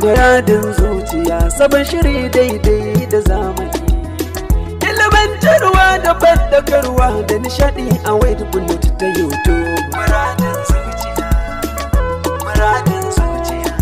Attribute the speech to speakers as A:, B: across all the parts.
A: Muradin zuciya sabon shiri daidai da zamani. Ilimantarwa da bandagarwa da nishadi a wade bullet ta YouTube. Muradin zuciya,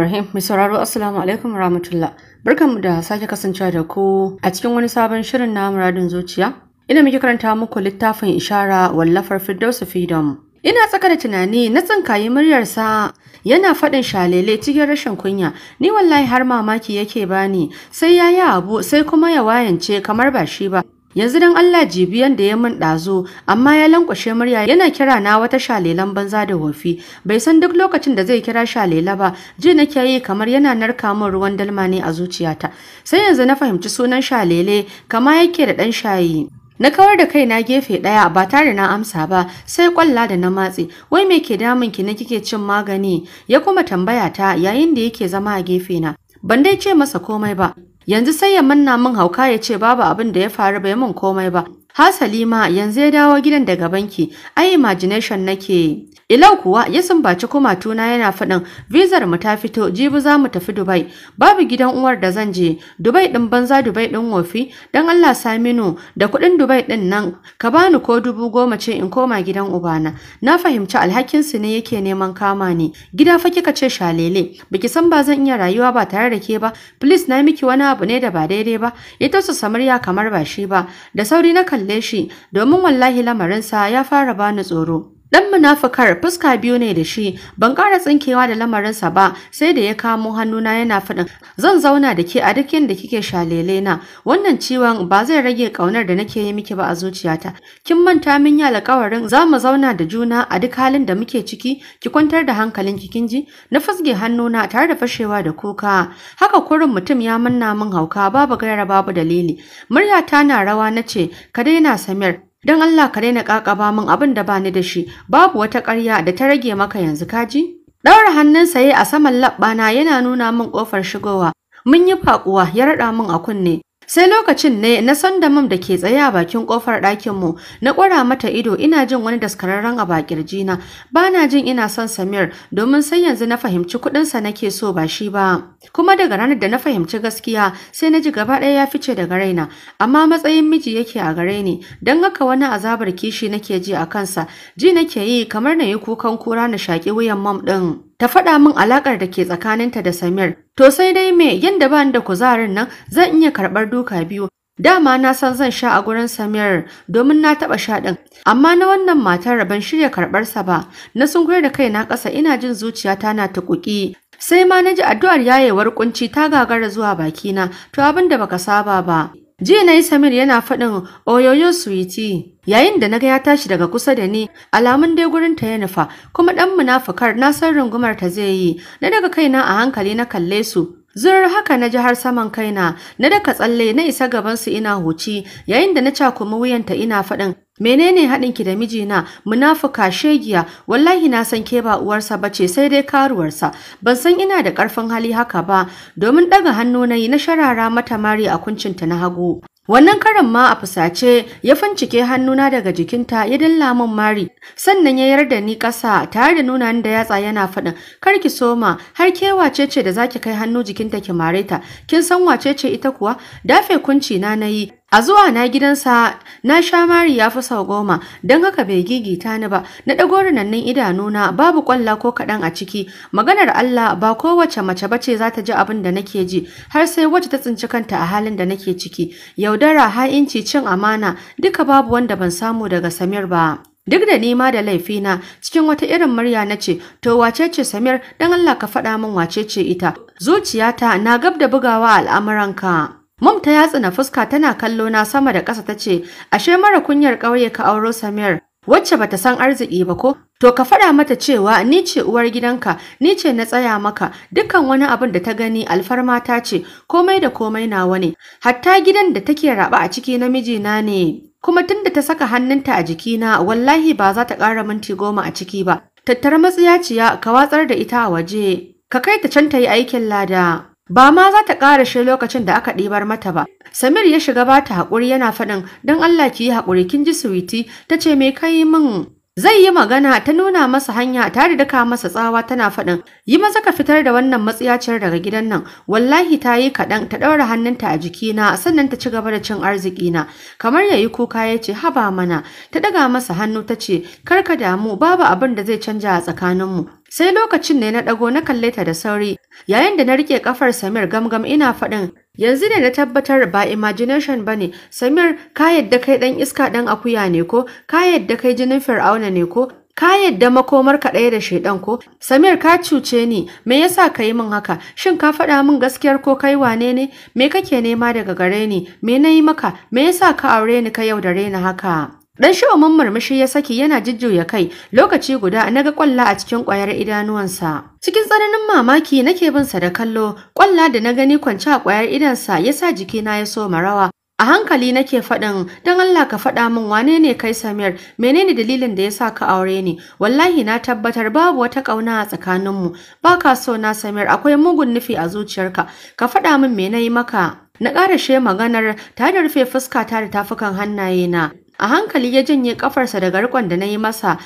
A: rahim Mai sauraro Assalamu alaikum rahmatullah. Barkanmu da sake kasancewa da ku a cikin wani sabon shirin na muradin zuciya. Ina muke karanta muku littafin ishara wallafar Firdausu Freedom. Ina tsaka da tunani na tsinkayi muryarsa yana faɗin shalele cikin rashin kunya ni wallahi har mamaki yake bani sai ya yi abu sai kuma ya wayance kamar ba shi ba yanzu dan Allah jibiyan da ya mun ɗazo amma ya lankwashe murya yana kira na wata shalelan banza da wofi bai san duk lokacin da zai kira shalela ba ji nake yi kamar yana narka min ruwan dalma ne a zuciyata sai yanzu na fahimci sunan shalele kama yake da ɗan shayi Na kawar da kaina gefe ɗaya ba tare na amsa ba sai kwalla da na matse wai me ke damun ki na kike cin magani ya kuma tambaya ta yayin da yake zama a gefe na. Ban dai ce masa komai ba. Yanzu sai ya manna min hauka ya ce babu abin da ya faru bai min komai ba. Hasali ma yanzu ya dawo gidan daga banki ai imagination nake Ilau kuwa ya sumbaci kumatuna yana faɗin vizar mu ta fito jibi za mu tafi Dubai babu gidan uwar da zan je Dubai din banza Dubai din wofi dan Allah Saminu da kuɗin Dubai din nan ka bani ko dubu goma ce in koma gidan ubana na fahimci alhakin su ne yake neman kama ni gida fa kika ce shalele biki san ba zan iya rayuwa ba tare da ke ba please na miki wani abu ne da ba daidai ba ita su samarya kamar ba shi ba da sauri na kalle shi domin wallahi lamarin sa ya fara bani tsoro Dan munafukar fuska biyu ne da shi, ban ƙara tsinkewa da lamarinsa ba, sai da ya kamo hannuna yana faɗin, zan zauna da ke a duk yadda kike shalele na, wannan ciwon ba zai rage ƙaunar da nake yi miki ba a zuciyata. Kin manta min ya alƙawarin za mu zauna da juna a duk halin da muke ciki, ki kwantar da hankalin kin ji, na fasge hannuna tare da fashewa da kuka. Haka kurin mutum ya manna min hauka babu gaira babu dalili. Murya ta na rawa na ce, ka daina Samir, Don Allah ka daina ƙaƙaba min abin da bani da shi, babu wata ƙarya da ta rage maka yanzu kaji? Ɗaura hannun saye a saman labbana yana nuna min ƙofar shigowa. Mun yi faƙuwa ya raɗa min a kunne. Sai lokacin ne na san da mam da ke tsaye a bakin kofar ɗakin mu na ƙwara mata ido ina jin wani daskararren a bakir jina ba na jin ina son Samir domin sai yanzu na fahimci sa nake so ba shi ba. Kuma daga ranar da na fahimci gaskiya sai na ji gaba ɗaya ya fice daga raina amma matsayin miji yake a gare ni don haka wani azabar kishi nake ji a kansa ji nake yi kamar na yi kukan kura na shaƙi wuyan mam ɗin. ta faɗa min alaƙar da ke tsakaninta da Samir. To sai dai me yanda ba da kuzarin nan zan iya karɓar duka biyu. Dama na san zan sha a gurin Samir domin na taɓa sha ɗin, amma na wannan matar ban shirya karɓarsa ba, na sungur da kai na ƙasa ina jin zuciyata na ta tuƙuƙi. Sai ma na ji addu'ar yayewar kunci ta gagara zuwa bakina, to abinda da baka saba ba. Jiya na yi Samir yana faɗin oyoyo suwiti. yayin da naga ya tashi daga kusa da ni alamun dai gurin ta ya nufa kuma dan munafukar na san rungumar ta zai yi na daga kaina a hankali na kalle su Zur haka na ji har saman kaina, na daka tsalle na isa gaban su ina huci, yayin da na ca cakumi wuyanta ina faɗin, menene ki da mijina munafuka shegiya wallahi na san ke ba uwarsa bace sai dai karuwarsa ban san ina da ƙarfin hali haka ba domin ɗaga hannu na yi na sharara mata mari a kuncinta na hagu Wannan karan ma a fusace ya fincike hannuna daga jikinta ya dalla min mari sannan ya yarda ni ƙasa tare da nuna da yatsa yana faɗin kar ki soma har ke wace ce da zaki kai hannu jikinta ki mare ta kin san wace ce ita kuwa dafe kunci na nayi A zuwa na gidansa na sha mari ya fi sau goma don haka bai gigita ni ba na ɗago rinannin idanuna babu ƙwalla ko kaɗan a ciki maganar Allah ba kowace mace bace za ta ji abin da nake ji har sai wacce ta tsinci kanta a halin da nake ciki yaudara ha'inci cin amana duka babu wanda ban samu daga Samir ba. Duk da nima da laifina cikin wata irin murya na ce, To wace ce Samir, dan Allah ka faɗa min wace ce ita, zuciyata na gab da bugawa al'amuranka. Mum ta na fuska tana kallo na sama da ƙasa tace, "Ashe mara kunyar ƙauye ka auro Samir, wacce bata san arziki ba ko? To ka faɗa mata cewa ni ce uwar gidanka, ni ce na tsaya maka, dukkan wani abin da ta gani alfarma ta ce, komai da komai nawa ne, hatta gidan da take raba a ciki namiji na ne." Kuma tunda ta saka hannunta a jikina, wallahi ba za ta ƙara minti goma a ciki ba. Tattara matsiyaciya ka watsar da ita a waje, ka kai ta can ta yi aikin lada. ba ma za ta ƙarashe lokacin da aka ɗibar mata ba. Samir ya shiga ba ta haƙuri yana faɗin don Allah ki yi haƙuri kin ji suwiti ta ce me kai min Zai yi magana ta nuna masa hanya ta daka masa tsawa tana faɗin, yi maza ka fitar da wannan matsiyaciyar daga gidan nan, wallahi ta yi kaɗan ta ɗaura hannunta a jikina sannan ta ci gaba da cin arzikina. Kamar ya yi kuka ya ce, haba mana, ta ɗaga masa hannu ta ce, kar ka damu babu abin da zai canja a tsakaninmu, Sai lokacin ne na ɗago na kalle ta da sauri, yayin da na rike kafar Samir gamgam ina faɗin, yanzu ne na tabbatar ba imagination bane Samir ka yadda kai ɗan iska dan akuya ne ko, ka yadda kai jinin fir'auna ne ko, ka yadda makomar ka ɗaya da shaidan ko, Samir ka cuce ni, me yasa ka yi min haka, shin ka faɗa min gaskiyar ko kai wane ne, me kake nema daga gare ni, me na yi maka, me yasa ka aure ni ka yaudare ni haka. Dan shawo murmushi ya saki yana ya kai lokaci guda naga ga kwalla a cikin ƙwayar idanuwansa. Cikin tsananin mamaki nake bin sa da kallo, kwalla da na gani kwance a ƙwayar idansa Yasa sa jikina ya so marawa. A hankali nake faɗin, dan Allah ka faɗa min wane ne kai Samir, menene dalilin da yasa ka aure ni, wallahi na tabbatar babu wata ƙauna a tsakaninmu, ba ka so na Samir akwai mugun nufi a zuciyarka, ka faɗa min me na yi maka. Na ƙara ƙarashe maganar ta da rufe fuskata da tafukan hannaye na, a hankali ya janye kafarsa daga rikon da na yi masa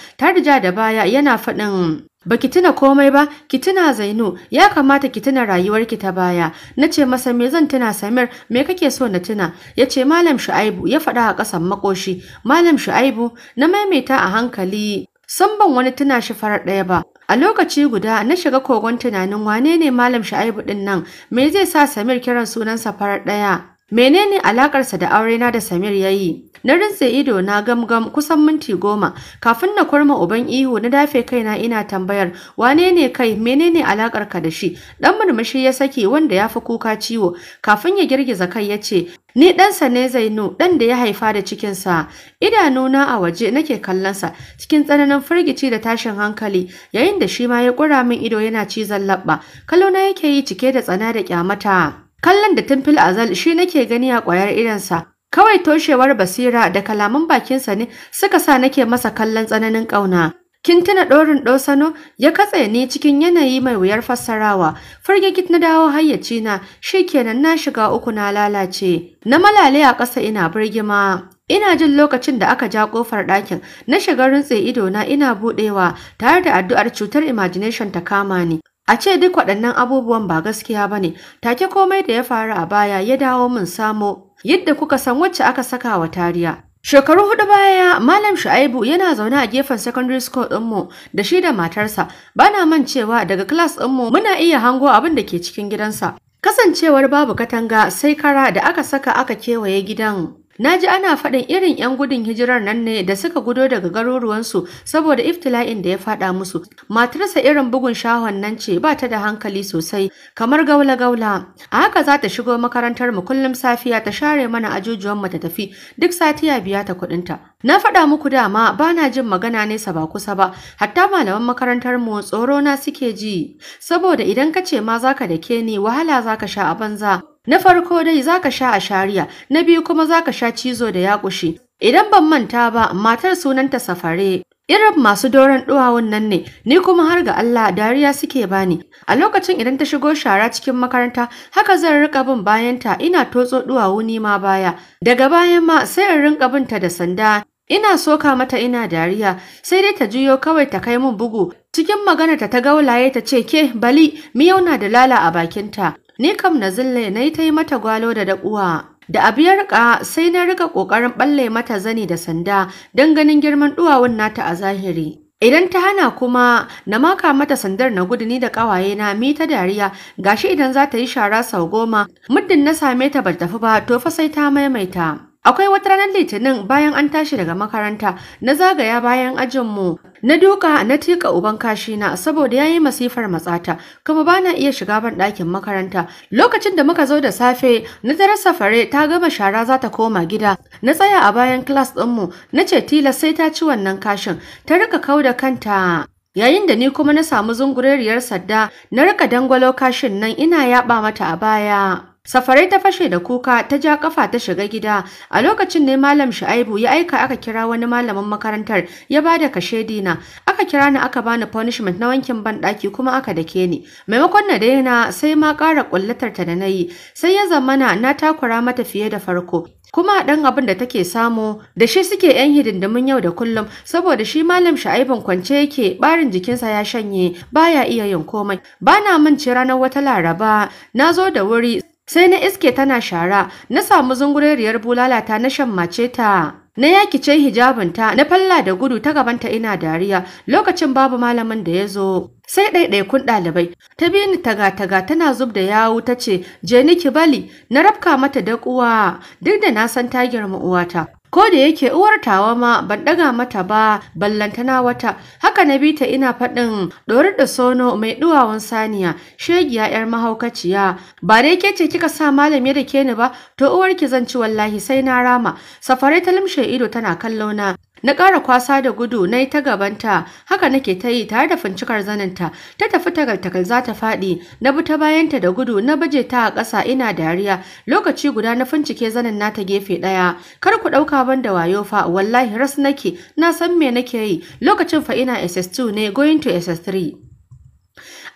A: ja da baya yana faɗin ba ki tuna komai ba ki tuna zainu ya kamata ki tuna rayuwarki ta baya na ce masa me zan tuna samir me kake so na tuna ya ce malam shu'aibu ya faɗa a ƙasan makoshi malam shu'aibu na maimaita a hankali san ban wani tuna shi farar ɗaya ba A lokaci guda na shiga kogon tunanin wane ne Malam Shu'aibu ɗin nan, me zai sa Samir kiran sunansa farar ɗaya? Menene alakarsa da aure na da Samir ya yi? Na rintse ido na gamgam kusan minti goma kafin na kurma uban ihu na dafe kaina ina tambayar wane ne kai menene alakarka da shi? Dan murmushi ya saki wanda ya fi kuka ciwo kafin ya girgiza kai ya ce Ni ɗansa ne Zainu, ɗan da ya haifa da cikinsa, idanuna a waje nake kallonsa cikin tsananin firgici da tashin hankali, yayin da shi ma ya kura min ido yana cizon labba, Kalona yake yi cike da tsana da kyamata. kallon da tumfil azal shi nake gani a ƙwayar sa, kawai toshewar basira da kalaman bakinsa ne suka sa nake masa kallon tsananin ƙauna kin tuna ɗorin ɗosano ya katse ni cikin yanayi mai wuyar fassarawa firgigit na dawo hayyaci na kenan na shiga uku na lalace na malale a ƙasa ina birgima Ina jin lokacin da aka ja kofar ɗakin, na shiga rintse idona ina buɗewa tare da addu'ar cutar imagination ta kama ni. A ce duk waɗannan abubuwan ba gaskiya ba ne, take komai da ya faru a baya ya dawo min samo yadda kuka san wacce aka saka wa tariya. Shekaru hudu baya, Malam Shu'aibu yana zaune a gefen secondary school ɗinmu da shi da matarsa, bana man cewa, daga class ɗinmu muna iya hango abin da ke cikin gidansa. Kasancewar babu katanga sai kara da aka saka aka kewaye gidan Na ji ana faɗin irin 'yan gudun hijirar nan ne da suka gudo daga garuruwansu saboda iftila'in da ya faɗa musu. Matarsa irin bugun shahon nan ce ba ta da hankali sosai kamar gaula-gaula. A haka za ta shigo makarantar mu kullum safiya ta share mana ajujuwan mu ta tafi duk satiya biya ta kuɗinta. Na faɗa muku dama ba na jin magana nesa ba kusa ba hatta malaman makarantar mu tsoro na suke ji saboda idan ka ce ma zaka dake ni wahala zaka sha a banza. Na farko dai zaka sha a shariya, na biyu kuma zaka sha cizo da yakushi. Idan ban manta ba, matar sunanta Safare. Irin masu doron duwawun nan ne, ni kuma har ga Allah dariya suke bani. A lokacin idan ta shigo shara cikin makaranta, haka zan rika bin bayanta ina totso duwawu ni ma baya. Daga bayan ma sai in rinka binta da sanda. Ina soka mata ina dariya, sai dai ta juyo kawai ta kai mun bugu. Cikin magana ta ta gaulaye ta ce ke bali miyau na da lala a bakinta. Ni kam na zille na yi ta yi mata gwalo da daɓuwa. Da abu ya riƙa, sai na rika ƙoƙarin ɓalle mata zani da sanda don ganin girman ɗuwawun nata a zahiri. Idan ta hana kuma na maka mata sandar na gudu ni da ƙawaye na mi ta dariya gashi idan za ta yi shara sau goma muddin na same ta ba tafi ba to fa sai ta maimaita. Akwai wata ranar Litinin bayan an tashi daga makaranta, na zagaya bayan ajinmu, na duka na tika uban kashina saboda ya yi masifar matsata, kuma ba na iya shiga ban ɗakin makaranta. Lokacin da muka zo da safe, na tara safare ta gama shara za ta koma gida. Na tsaya a bayan kilas ɗinmu, na ce tilas sai ta ci wannan kashin, ta rika kau da kanta. Yayin da ni kuma na samu zunguriyar sadda, na rika dangwalo kashin nan ina yaɓa mata a baya. Safarai ta fashe da kuka ta ja kafa ta shiga gida a lokacin ne malam Shu'aibu ya aika aka kira wani malamin makarantar ya bada kashe dina aka kira ni aka bani punishment na wankin ban daki kuma aka dake ni maimakon na daina sai ma ƙara kullatar ta da nayi sai ya zamana na takura mata fiye da farko kuma dan abin da take samu da shi suke yan hidindimin yau da kullum saboda shi malam sha'ibin kwance yake barin jikinsa ya shanye baya iya yin komai bana min ci ranar wata laraba na zo da wuri Sai na iske tana shara, na samu zunguririyar bulalata na shammace ta. Na yakice hijabinta, na falla da gudu ta gabanta ina dariya lokacin babu malamin da ya zo. Sai ɗaiɗaikun ɗalibai, ta bi ni taga-taga tana zub da yawu ta ce, je niki bali, na rafka mata da kuwa duk da na san ta girma uwata. ko da yake uwar tawa ma ban daga mata ba ballantana wata haka na bi ta ina faɗin ɗori da sono mai ɗuwawan saniya shegiya yar mahaukaciya ba dai ke ce kika sa malam ya da ke ni ba to uwar ki zan ci wallahi sai na rama safare ta limshe ido tana kallo na na ƙara kwasa da gudu na yi ta gabanta haka nake ta yi tare da fincikar zaninta ta tafi tagal-tagal za ta faɗi na bi ta bayanta da gudu na baje ta a ƙasa ina dariya lokaci guda na fincike zanin nata gefe ɗaya kar ku ɗauka ban da wayo fa wallahi ras nake na san me nake yi lokacin fa ina SS2 ne going to SS3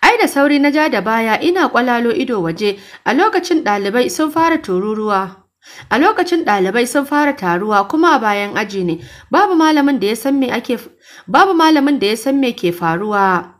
A: Ai da sauri na ja da baya ina kwalalo ido waje a lokacin ɗalibai sun fara tururuwa. A lokacin ɗalibai sun fara taruwa kuma a bayan aji ne, babu malamin da ya san me ke faruwa.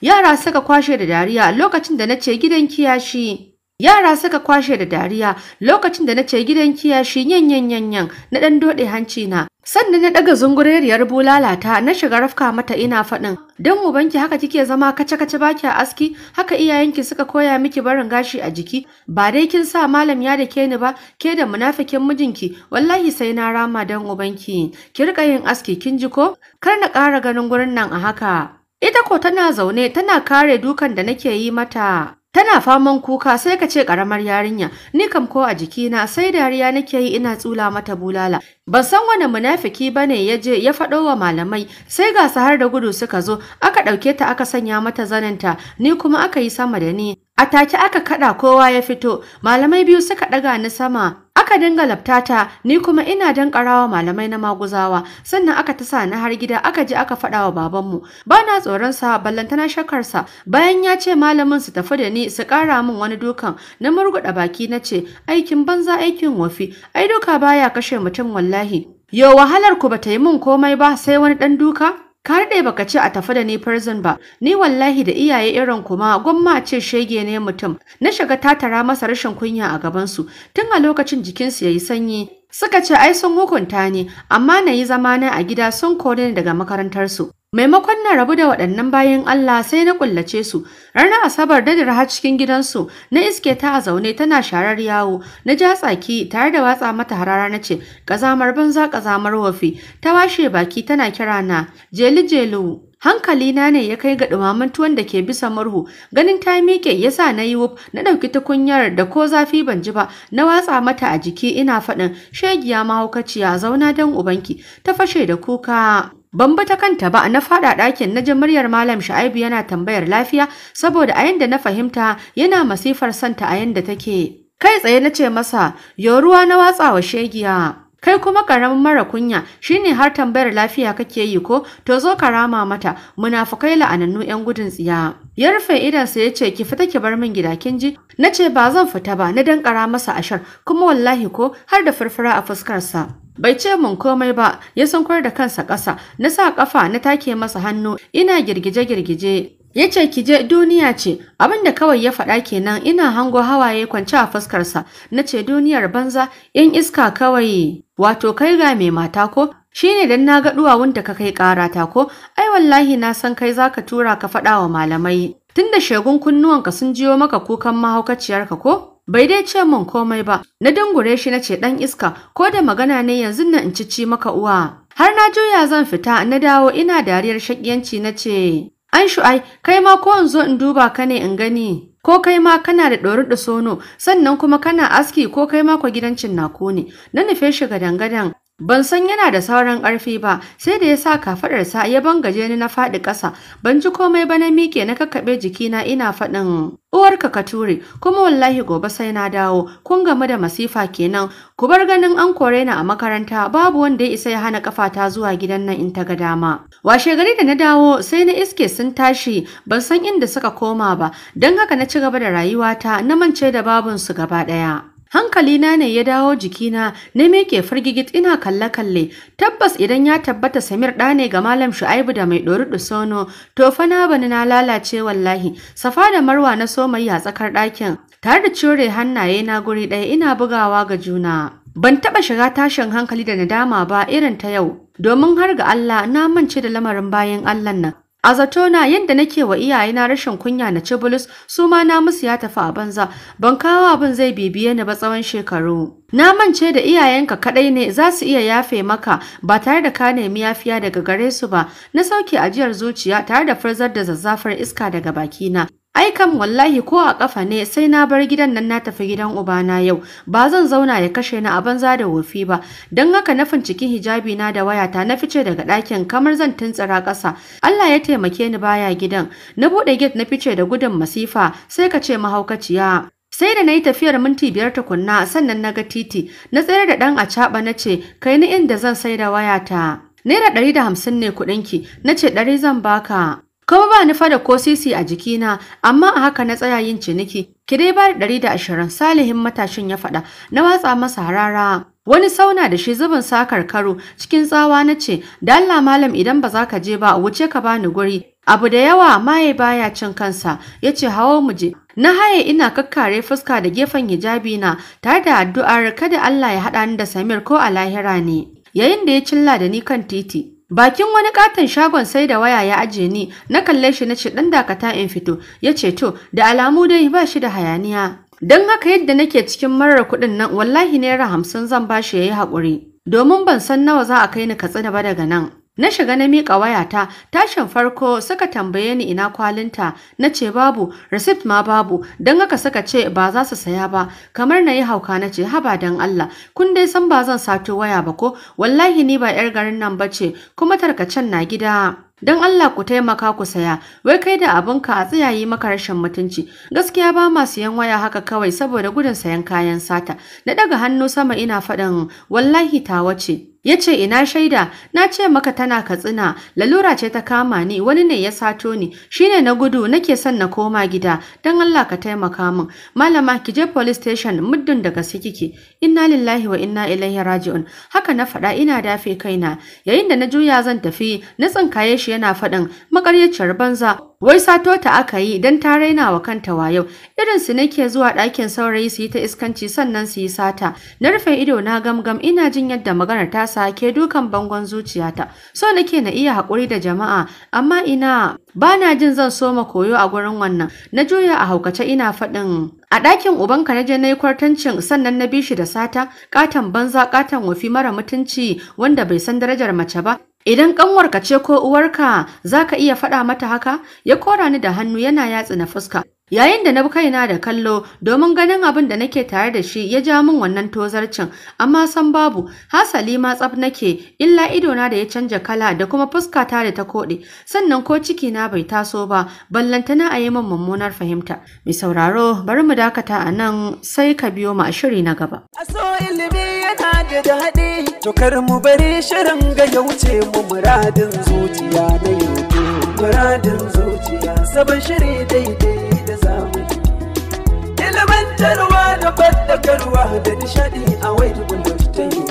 A: Yara suka kwashe da dariya a lokacin da na ce gidan kiyashi. Yara suka kwashe da dariya lokacin da na ce gidan kiyashi yanyan na ɗan doɗe hanci na. Sannan na ɗaga zungureriyar bulalata na shiga rafka mata ina faɗin. Don mu banki haka kike zama kace-kace baki a aski, haka iyayenki suka koya miki barin gashi a jiki. Ba dai kin sa malam ya da ke ni ba, ke da munafikin mijinki, wallahi sai na rama don ubanki. Ki rika yin aski kin ji ko? Kar na ƙara ganin gurin nan a haka. Ita ko tana zaune tana kare dukan da nake yi mata. Tana faman kuka sai ka ce ƙaramar yarinya, ni kam ko a jikina sai dariya nake yi ina tsula mata bulala. Ban san wani munafiki ba ne ya je ya faɗo wa malamai, sai ga su har da gudu suka zo, aka ɗauke ta aka sanya mata zaninta, ni kuma aka yi sama da ni. A take aka kaɗa kowa ya fito, malamai biyu suka ɗaga ni sama, aka dinga laftata ni kuma ina dan karawa malamai na maguzawa sannan aka ta sa ni har gida aka ji aka faɗa wa babanmu Bana tsoron sa ballantana shakar sa bayan ya ce malamin su tafi da ni su kara min wani dukan na murguda baki nace aikin banza aikin wafi ai duka baya kashe mutum wallahi yo wahalar ku bata yi min komai ba sai wani dan duka kar daɗe baka ce a tafi da ni prison ba, ni wallahi da iyaye irin kuma gwamma ce shege ne mutum, na shiga tatara masa rashin kunya a gabansu, tun a lokacin jikinsu ya yi sanyi. Suka ce ai sun hukunta ni, amma na yi zamana a gida sun kore ni daga makarantarsu. Maimakon na rabu da waɗannan bayan Allah sai na kullace su, ranar Asabar da dare cikin gidansu, na iske ta a zaune tana sharar yawo, na ja tsaki tare da watsa mata harara na ce, ƙazamar banza ƙazamar wafi, ta washe baki tana kira na, jeli jelu, na ne ya kai ga ɗumamin tuwon da ke bisa murhu, ganin ta miƙe ya sa na yi wuf, na ɗauki tukunyar da ko zafi ban ji ba, na watsa mata a jiki ina faɗin, shegiya mahaukaciya zauna don ubanki, ta fashe da kuka Ban ba ta kanta ba na fada ɗakin na ji muryar Malam Shu'aibu yana tambayar lafiya saboda a yanda na fahimta yana masifar santa a yanda take. Kai tsaye na ce masa, "Yo ruwa na watsawa shegiya." Kai kuma karamin mara kunya shine har tambayar lafiya kake yi ko to zo ka rama mata munafukai la'anannu yan gudun tsiya. Ya rufe idansa ya ce ki fita ki bar min gida kin ji? Na ce ba zan fita ba na dankara masa ashar kuma wallahi ko har da furfura a fuskarsa. Bai ce mun komai ba, ya sunkar da kansa ƙasa, na sa ƙafa na take masa hannu, ina girgije-girgije. Ya ce ki je duniya ce, abin da kawai ya faɗa kenan ina hango hawaye kwance a fuskarsa, na ce duniyar banza, in iska kawai, wato kai ga mai mata ko, shi ne don na ga duwawun da ka kai ƙarata ko, ai wallahi na san kai za ka tura ka faɗa wa malamai, tunda shegun kunnuwanka sun jiyo maka kukan mahaukaciyarka ko? Bai dai ce min komai ba, na dungure shi na ce ɗan iska, ko da magana ne yanzu na in cici maka uwa. Har na juya zan fita na dawo ina dariyar shakiyanci na ce, An shu'ai, kai ma ko in zo in duba ka ne in gani. Ko kai ma kana da ɗori da sono, sannan kuma kana aski ko kai ma kwa gidancin naku ne. Na nufe shi gadangadan Ban san yana da sauran ƙarfi ba, sai da ya sa kafaɗarsa ya bangaje ni na faɗi ƙasa, ban ji komai ba na miƙe na kakkaɓe jikina ina faɗin uwarka ka ture, kuma wallahi gobe sai na dawo, kun gamu da masifa kenan, ku bar ganin an kore ni a makaranta babu wanda ya isa ya hana ƙafata zuwa gidan nan in ta ga dama. Washe gari da na dawo sai na iske sun tashi, ban san inda suka koma ba, don haka na ci gaba da rayuwata na mance da babunsu gaba ɗaya. hankalina ne ya dawo jikina na meke firgigit ina kalle-kalle tabbas idan ya tabbata samir ɗa ne ga malam shu'aibu da mai ɗori sono, to fa na bani na lalace wallahi safa da marwa na somai a tsakar ɗakin tare da cire hannaye na guri ɗaya ina bugawa ga juna ban taɓa shiga tashin hankali da nadama ba irin ta yau domin har ga Allah na mance da lamarin bayan Allah nan A zato na, yadda nake wa iyayena rashin kunya na ci bulus su ma na musu ya tafi a banza ban kawo abin zai bibiye ni ba tsawon shekaru. Na mance da iyayenka kaɗai ne za su iya yafe maka ba tare da ka nemi yafiya daga gare su ba na sauke ajiyar zuciya tare da farzar da zazzafar iska daga bakina. Ai kam wallahi ko a kafa ne sai na bar gidan nan na tafi gidan ubana yau. Ba zan zauna ya kashe ni a banza da wofi ba. dan haka na finciki hijabi na da wayata na fice daga ɗakin kamar zan tuntsira ƙasa. Allah ya taimake ni baya gidan. Na buɗe gate na fice da gudun masifa sai ka ce mahaukaciya. Sai da na yi tafiyar minti biyar tukunna sannan na ga titi, na tsayar da ɗan a caɓa na ce, kai ni inda zan sai da wayata. Naira ɗari da hamsin ne kuɗinki, na ce ɗari zan baka. Kuma ba nufa da ko sisi a jikina, amma a haka na tsaya yin ciniki. Ki dai bari ɗari da ashirin salihin matashin ya faɗa, na watsa masa harara. Wani sauna da shi zubin sakar karo cikin tsawa na ce, da Allah malam idan ba za ka je ba wuce ka bani guri. Abu da yawa maye baya cin kansa, ya ce hawo mu je. Na haye ina kakkare fuska da gefen hijabi na tare da addu'ar kada Allah ya haɗa ni da Samir ko a lahira ne. Yayin da ya cilla da ni kan titi, Bakin wani katon shagon sai da waya ya ajiye ni, na kalle shi na ce ɗan dakata in fito, ya ce to, da alamu dai ba shi da hayaniya. Don haka yadda nake cikin marar kuɗin nan wallahi naira hamsin zan ba shi ya yi haƙuri, domin ban san nawa za a kai ni katsina ba daga nan. Na shiga na miƙa wayata, tashin farko suka tambaye ni ina kwalinta, na ce babu, receipt ma babu, don haka suka ce ba za su saya ba, kamar na yi hauka na ce haba don Allah, kun dai san ba zan sato waya ba ko, wallahi ni ba 'yar garin nan ba ce, kuma tarkacen na gida. Don Allah ku taimaka ku saya, wai kai da abinka a tsayayi maka rashin mutunci. Gaskiya ba ma siyan waya haka kawai saboda gudun sayan kayan sata. Na daga hannu sama ina faɗin wallahi ta wace. Ya ce ina shaida, na ce maka tana katsina, lalura ce ta kama ni, wani ne ya sato ni, shine na gudu nake son na koma gida, don Allah ka taimaka min. Malama ki je police station muddin daga sikiki. Inna lillahi wa inna ilaihi raji'un. Haka na faɗa ina dafe kaina. Yayin da na juya zan tafi, na tsinkaye shi yana faɗin makaryaciyar banza wai sato ta aka yi don ta raina wa kanta wayau irin su nake zuwa ɗakin saurayi su yi ta iskanci sannan su yi sata na rufe ido na gamgam ina jin yadda maganar ta sake dukan bangon zuciyata so nake na iya haƙuri da jama'a amma ina ba na jin zan so ma koyo a gurin wannan na juya a haukace ina faɗin a ɗakin ubanka na je na yi kwartancin sannan na bi shi da sata ƙaton banza ƙaton wafi mara mutunci wanda bai san darajar mace ba Idan ƙanwarka ce ko uwarka za ka iya faɗa mata haka, ya kora ni da hannu yana yatsa na fuska. Yayin da na bi kaina da kallo domin ganin abin da nake tare da shi ya ja min wannan tozarcin, amma san babu, hasali ma tsaf nake, illa idona da ya canja kala da kuma fuska ta da ta koɗe, sannan ko ciki na bai taso ba, ballantana a yi min mummunar fahimta. Mai sauraro, bari mu dakata a nan sai ka biyo ma shiri na gaba. Aso ilimi yana da daɗi to mu bari shirin ga wuce mu muradin zuciya na yau muradin zuciya sabon shiri daidai da zamani ilimantarwa da fadakarwa da nishadi a wai ta yi